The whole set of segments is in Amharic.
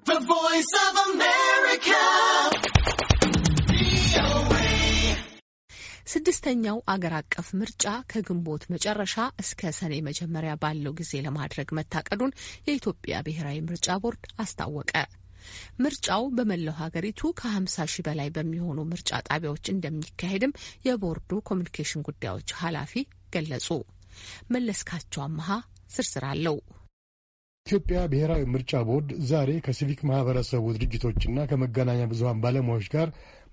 The Voice of America. ስድስተኛው አገር አቀፍ ምርጫ ከግንቦት መጨረሻ እስከ ሰኔ መጀመሪያ ባለው ጊዜ ለማድረግ መታቀዱን የኢትዮጵያ ብሔራዊ ምርጫ ቦርድ አስታወቀ። ምርጫው በመላው ሀገሪቱ ከ50 ሺህ በላይ በሚሆኑ ምርጫ ጣቢያዎች እንደሚካሄድም የቦርዱ ኮሚኒኬሽን ጉዳዮች ኃላፊ ገለጹ። መለስካቸው አመሃ ዝርዝር አለው። ኢትዮጵያ ብሔራዊ ምርጫ ቦርድ ዛሬ ከሲቪክ ማህበረሰቡ ድርጅቶችና ከመገናኛ ብዙሃን ባለሙያዎች ጋር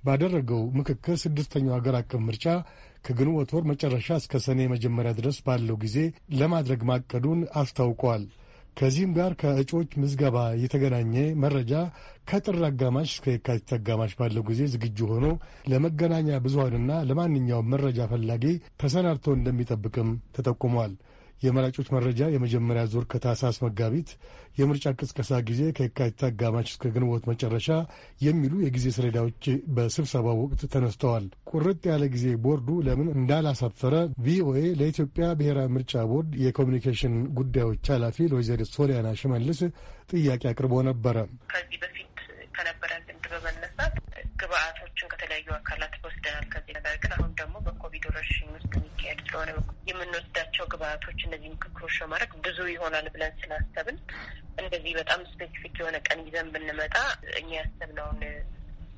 ባደረገው ምክክር ስድስተኛው አገር አቀፍ ምርጫ ከግንቦት ወር መጨረሻ እስከ ሰኔ መጀመሪያ ድረስ ባለው ጊዜ ለማድረግ ማቀዱን አስታውቋል። ከዚህም ጋር ከእጩዎች ምዝገባ የተገናኘ መረጃ ከጥር አጋማሽ እስከ የካቲት አጋማሽ ባለው ጊዜ ዝግጁ ሆኖ ለመገናኛ ብዙሃንና ለማንኛውም መረጃ ፈላጊ ተሰናድቶ እንደሚጠብቅም ተጠቁሟል። የመራጮች መረጃ የመጀመሪያ ዙር ከታህሳስ መጋቢት፣ የምርጫ ቅስቀሳ ጊዜ ከየካቲት አጋማሽ እስከ ግንቦት መጨረሻ የሚሉ የጊዜ ሰሌዳዎች በስብሰባው ወቅት ተነስተዋል። ቁርጥ ያለ ጊዜ ቦርዱ ለምን እንዳላሳፈረ ቪኦኤ ለኢትዮጵያ ብሔራዊ ምርጫ ቦርድ የኮሚኒኬሽን ጉዳዮች ኃላፊ ወይዘሪት ሶሊያና ሽመልስ ጥያቄ አቅርቦ ነበረ። የተለያዩ አካላት ወስደናል። ከዚህ ነገር ግን አሁን ደግሞ በኮቪድ ወረርሽኝ ውስጥ የሚካሄድ ስለሆነ የምንወስዳቸው ግብአቶች እነዚህ ምክክሮች በማድረግ ብዙ ይሆናል ብለን ስላሰብን እንደዚህ በጣም ስፔሲፊክ የሆነ ቀን ይዘን ብንመጣ እኛ ያሰብነውን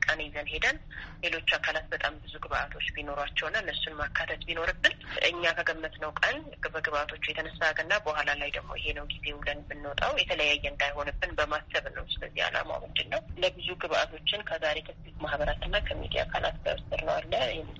ቀን ይዘን ሄደን ሌሎች አካላት በጣም ብዙ ግብአቶች ቢኖሯቸውና እነሱን ማካተት ቢኖርብን እኛ ከገመትነው ቀን በግብአቶቹ የተነሳ ግና በኋላ ላይ ደግሞ ይሄ ነው ጊዜ ውለን ብንወጣው የተለያየ እንዳይሆንብን በማሰብ ነው። ስለዚህ አላማ ምንድን ነው? ለብዙ ግብአቶችን ከዛሬ ከሲቪክ ማህበራትና ከሚዲያ አካላት በስር ነው አለ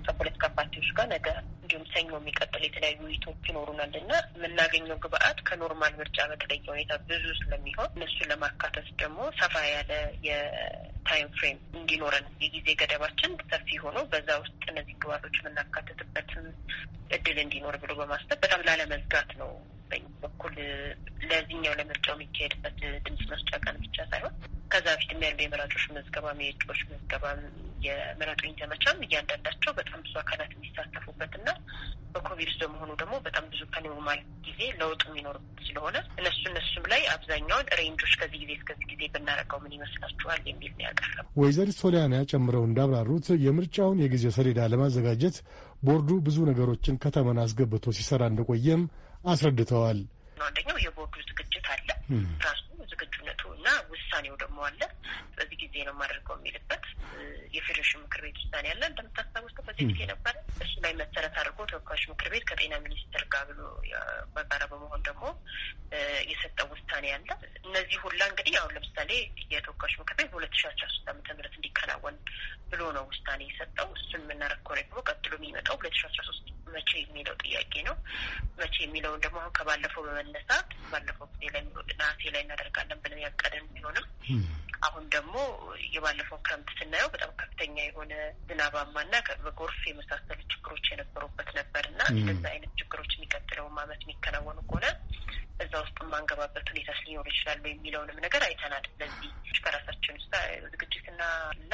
ከፖለቲካ ፓርቲዎች ጋር ነገ እንዲሁም ሰኞ የሚቀጥል የተለያዩ ውይይቶች ይኖሩናል እና የምናገኘው ግብአት ከኖርማል ምርጫ በተለየ ሁኔታ ብዙ ስለሚሆን እነሱን ለማካተት ደግሞ ሰፋ ያለ የታይም ፍሬም እንዲኖረን የጊዜ ገደባችን ሰፊ ሆኖ በዛ ውስጥ እነዚህ ግብአቶች የምናካትትበትም እድል እንዲኖር ብሎ በማሰብ በጣም ላለመዝጋት ነው በኝ በኩል ለዚህኛው ለምርጫው የሚካሄድበት ድምጽ መስጫ ቀን ብቻ ሳይሆን ከዛ በፊትም ያሉ የመራጮች መዝገባም የእጩዎች መዝገባም የመረጡኝ ዘመቻም እያንዳንዳቸው በጣም ብዙ አካላት የሚሳተፉበት እና በኮቪድ በመሆኑ ደግሞ በጣም ብዙ ከኖርማል ጊዜ ለውጥ የሚኖርበት ስለሆነ እነሱ እነሱም ላይ አብዛኛውን ሬንጆች ከዚህ ጊዜ እስከዚህ ጊዜ ብናረገው ምን ይመስላችኋል የሚል ነው ያቀረቡ። ወይዘሪት ሶሊያና ጨምረው እንዳብራሩት የምርጫውን የጊዜ ሰሌዳ ለማዘጋጀት ቦርዱ ብዙ ነገሮችን ከተመን አስገብቶ ሲሰራ እንደቆየም አስረድተዋል። አንደኛው የቦርዱ ዝግጅት አለ ራሱ ዝግጁነቱ እና ውሳኔው ደግሞ አለ። በዚህ ጊዜ ነው የማደርገው የሚልበት የፌዴሬሽን ምክር ቤት ውሳኔ አለ እንደምታስታውስ በዚህ ጊዜ ነበር ላይ በሁለት ሺ አስራ ሶስት አመተ ምህረት እንዲከናወን ብሎ ነው ውሳኔ የሰጠው። እሱን የምናረግ ከሆነ ደግሞ ቀጥሎ የሚመጣው ሁለት ሺ አስራ ሶስት መቼ የሚለው ጥያቄ ነው። መቼ የሚለውን ደግሞ አሁን ከባለፈው በመነሳት ባለፈው ጊዜ ላይ ነሐሴ ላይ እናደርጋለን ብለን ያቀደን ቢሆንም አሁን ደግሞ የባለፈው ክረምት ስናየው በጣም ከፍተኛ የሆነ ዝናባማና በጎርፍ የመሳሰሉ ችግሮች የነበሩበት ነበር እና እንደዚህ አይነት ችግሮች የሚቀጥለውም አመት የሚከናወኑ ውስጥ የማንገባበት ሁኔታ ሊኖር ይችላል የሚለውንም ነገር አይተናል። ለዚህ ከራሳችን ውስጥ ዝግጅትና እና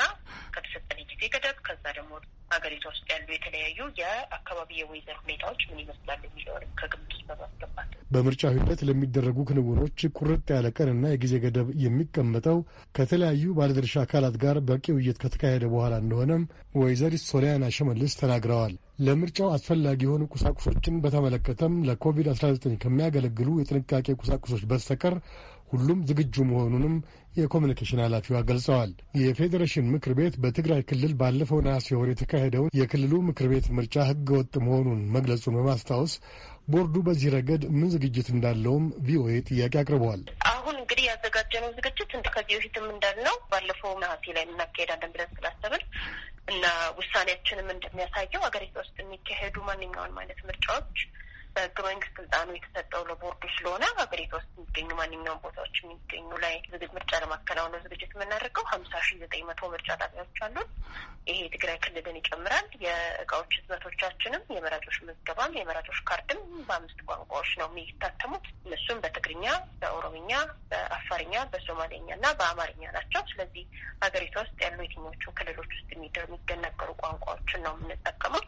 ሀገሪቷ ውስጥ ያሉ የተለያዩ የአካባቢ የወይዘር ሁኔታዎች ምን ይመስላል የሚለውንም ከግምት በማስገባት በምርጫ ሂደት ለሚደረጉ ክንውኖች ቁርጥ ያለ ቀንና የጊዜ ገደብ የሚቀመጠው ከተለያዩ ባለድርሻ አካላት ጋር በቂ ውይይት ከተካሄደ በኋላ እንደሆነም ወይዘሪት ሶሊያና ሸመልስ ተናግረዋል። ለምርጫው አስፈላጊ የሆኑ ቁሳቁሶችን በተመለከተም ለኮቪድ-19 ከሚያገለግሉ የጥንቃቄ ቁሳቁሶች በስተቀር ሁሉም ዝግጁ መሆኑንም የኮሚኒኬሽን ኃላፊዋ ገልጸዋል። የፌዴሬሽን ምክር ቤት በትግራይ ክልል ባለፈው ነሐሴ ወር የተካሄደውን የክልሉ ምክር ቤት ምርጫ ህገወጥ መሆኑን መግለጹን በማስታወስ ቦርዱ በዚህ ረገድ ምን ዝግጅት እንዳለውም ቪኦኤ ጥያቄ አቅርበዋል። አሁን እንግዲህ ያዘጋጀነው ዝግጅት እንደ ከዚህ በፊትም እንዳልነው ባለፈው ነሐሴ ላይ እናካሄዳለን ብለን ስላሰብን እና ውሳኔያችንም እንደሚያሳየው ሀገሪቷ ውስጥ የሚካሄዱ ማንኛውን ማለት ምርጫዎች በህገ መንግስት ስልጣኑ የተሰጠው ለቦርዱ ስለሆነ ሀገሪቷ ውስጥ የሚገኙ ማንኛውም ቦታዎች የሚገኙ ላይ ዝግጅት ምርጫ ለማከናወን ነው ዝግጅት የምናደርገው። ሀምሳ ሺ ዘጠኝ መቶ ምርጫ ጣቢያዎች አሉን። ይሄ የትግራይ ክልልን ይጨምራል። የእቃዎች ህትመቶቻችንም የመራጮች ምዝገባም የመራጮች ካርድም በአምስት ቋንቋዎች ነው የሚታተሙት። እነሱም በትግርኛ፣ በኦሮምኛ፣ በአፋርኛ፣ በሶማሌኛ እና በአማርኛ ናቸው። ስለዚህ ሀገሪቷ ውስጥ ያሉ የትኞቹ ክልሎች ውስጥ የሚገነገሩ ቋንቋዎችን ነው የምንጠቀመው።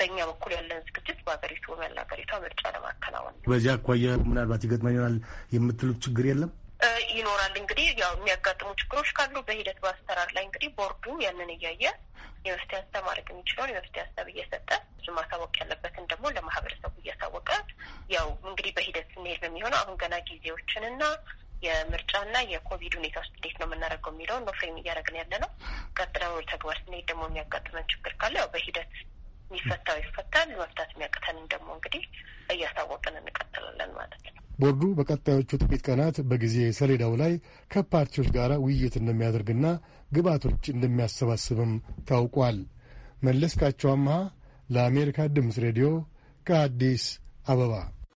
በእኛ በኩል ያለን ዝግጅት በሀገሪቱ በመላ ሀገሪቷ ምርጫ ለማከናወን ነው። በዚህ አኳያ ምናልባት ይገጥመን ይሆናል የምትሉት ችግር የለም ይኖራል። እንግዲህ ያው የሚያጋጥሙ ችግሮች ካሉ በሂደት በአሰራር ላይ እንግዲህ ቦርዱ ያንን እያየ የመፍትሄ ሀሳብ ማድረግ የሚችለውን የመፍትሄ ሀሳብ እየሰጠ ብዙ ማሳወቅ ያለበትን ደግሞ ለማህበረሰቡ እያሳወቀ ያው እንግዲህ በሂደት ስንሄድ በሚሆነው አሁን ገና ጊዜዎችንና የምርጫና የኮቪድ ሁኔታ ውስጥ እንዴት ነው የምናደርገው የሚለውን ነው ፍሬም እያደረግን ያለ ነው። ቀጥለን ተግባር ስንሄድ ደግሞ የሚያጋጥመን ችግር ካለ ያው በሂደት የሚፈታው ይፈታል። መፍታት የሚያቅተንን ደግሞ እንግዲህ እያስታወቅን እንቀጥላለን ማለት ነው። ቦርዱ በቀጣዮቹ ጥቂት ቀናት በጊዜ ሰሌዳው ላይ ከፓርቲዎች ጋር ውይይት እንደሚያደርግና ግብአቶች እንደሚያሰባስብም ታውቋል። መለስካቸው አምሃ ለአሜሪካ ድምፅ ሬዲዮ ከአዲስ አበባ